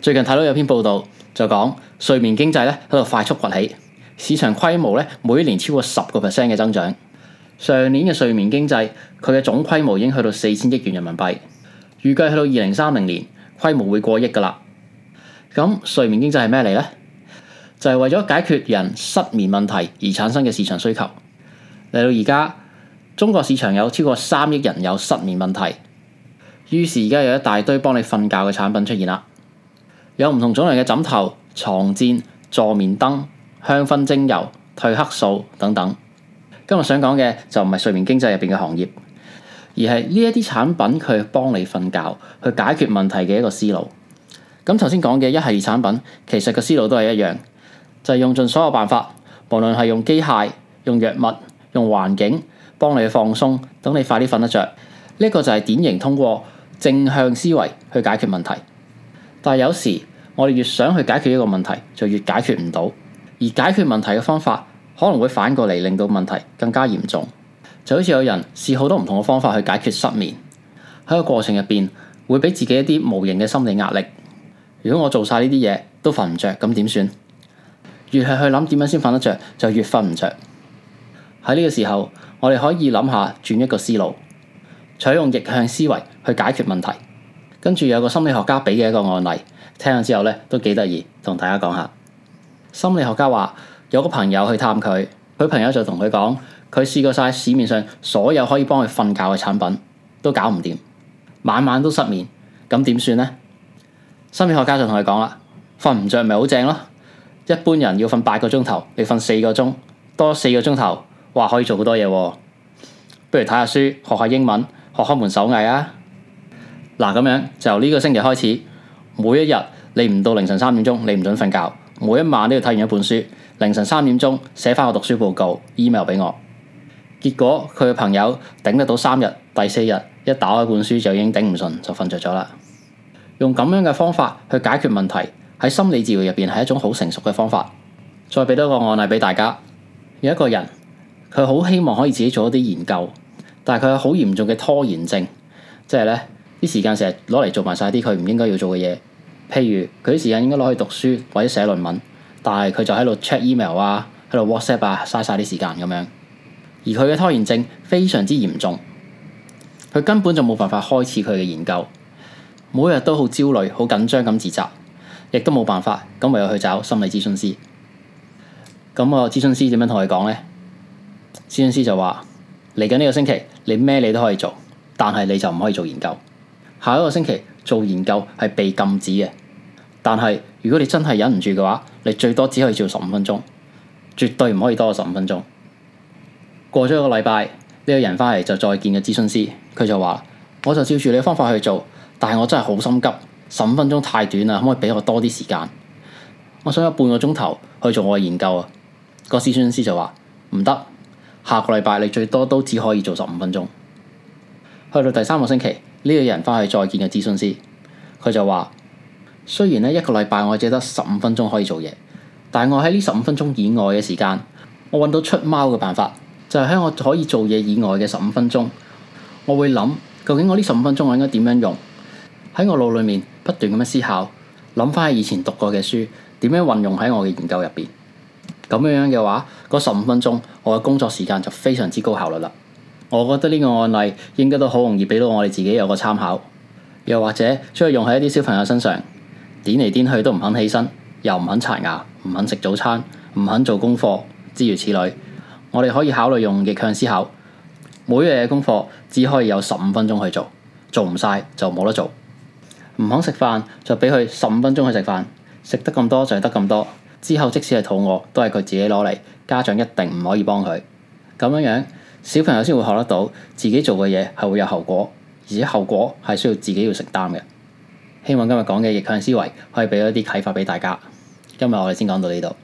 最近睇到有篇報道，就講睡眠經濟咧喺度快速崛起，市場規模咧每年超過十個 percent 嘅增長。上年嘅睡眠經濟，佢嘅總規模已經去到四千億元人民幣，預計去到二零三零年，規模會過億噶啦。咁睡眠經濟係咩嚟咧？就係為咗解決人失眠問題而產生嘅市場需求。嚟到而家，中國市場有超過三億人有失眠問題，於是而家有一大堆幫你瞓覺嘅產品出現啦。有唔同種類嘅枕頭、床墊、助眠燈、香薰精油、褪黑素等等。今日想講嘅就唔係睡眠經濟入邊嘅行業，而係呢一啲產品去幫你瞓覺、去解決問題嘅一個思路。咁頭先講嘅一系列產品，其實個思路都係一樣，就係、是、用盡所有辦法，無論係用機械、用藥物、用環境幫你去放鬆，等你快啲瞓得着。呢、這個就係典型通過正向思維去解決問題，但係有時。我哋越想去解決一個問題，就越解決唔到，而解決問題嘅方法可能會反過嚟，令到問題更加嚴重。就好似有人試好多唔同嘅方法去解決失眠，喺個過程入邊會俾自己一啲無形嘅心理壓力。如果我做晒呢啲嘢都瞓唔着，咁點算？越係去諗點樣先瞓得着，就越瞓唔着。喺呢個時候，我哋可以諗下轉一個思路，採用逆向思維去解決問題。跟住有個心理學家俾嘅一個案例，聽咗之後咧都幾得意，同大家講下。心理學家話有個朋友去探佢，佢朋友就同佢講，佢試過晒市面上所有可以幫佢瞓覺嘅產品，都搞唔掂，晚晚都失眠，咁點算咧？心理學家就同佢講啦，瞓唔着咪好正咯。一般人要瞓八個鐘頭，你瞓四個鐘，多四個鐘頭，話可以做好多嘢，不如睇下書，學下英文，學開門手藝啊。嗱，咁樣就由呢個星期開始，每一日你唔到凌晨三點鐘，你唔准瞓覺。每一晚都要睇完一本書，凌晨三點鐘寫翻個讀書報告，email 俾我。結果佢嘅朋友頂得到三日，第四日一打開一本書就已經頂唔順，就瞓着咗啦。用咁樣嘅方法去解決問題，喺心理治療入邊係一種好成熟嘅方法。再俾多一個案例俾大家，有一個人佢好希望可以自己做一啲研究，但係佢有好嚴重嘅拖延症，即係咧。啲時間成日攞嚟做埋晒啲佢唔應該要做嘅嘢，譬如佢啲時間應該攞去讀書或者寫論文，但係佢就喺度 check email 啊，喺度 WhatsApp 啊，嘥晒啲時間咁樣。而佢嘅拖延症非常之嚴重，佢根本就冇辦法開始佢嘅研究，每日都好焦慮、好緊張咁自責，亦都冇辦法，咁唯有去找心理諮詢師。咁我個諮詢師點樣同佢講呢？諮詢師就話：嚟緊呢個星期，你咩你都可以做，但係你就唔可以做研究。下一個星期做研究係被禁止嘅。但係，如果你真係忍唔住嘅話，你最多只可以做十五分鐘，絕對唔可以多過十五分鐘。過咗一個禮拜，呢個人翻嚟就再見嘅諮詢師，佢就話：我就照住你嘅方法去做，但係我真係好心急，十五分鐘太短啦，可唔可以俾我多啲時間？我想有半個鐘頭去做我嘅研究啊。」個諮詢師就話：唔得，下個禮拜你最多都只可以做十五分鐘。去到第三個星期。呢個人翻去再見嘅諮詢師，佢就話：雖然呢一個禮拜我只得十五分鐘可以做嘢，但係我喺呢十五分鐘以外嘅時間，我揾到出貓嘅辦法，就係喺我可以做嘢以外嘅十五分鐘，我會諗究竟我呢十五分鐘我應該點樣用？喺我腦裏面不斷咁樣思考，諗翻以前讀過嘅書，點樣運用喺我嘅研究入邊？咁樣樣嘅話，個十五分鐘我嘅工作時間就非常之高效率啦。我覺得呢個案例應該都好容易俾到我哋自己有個參考，又或者將佢用喺一啲小朋友身上，點嚟點去都唔肯起身，又唔肯刷牙，唔肯食早餐，唔肯做功課，諸如此類。我哋可以考慮用逆向思考，每日嘅功課只可以有十五分鐘去做，做唔晒就冇得做。唔肯食飯，就俾佢十五分鐘去食飯，食得咁多就係得咁多。之後即使係肚餓，都係佢自己攞嚟，家長一定唔可以幫佢。咁樣樣。小朋友先會學得到自己做嘅嘢係會有後果，而且後果係需要自己要承擔嘅。希望今日講嘅逆向思維可以畀一啲啟發畀大家。今日我哋先講到呢度。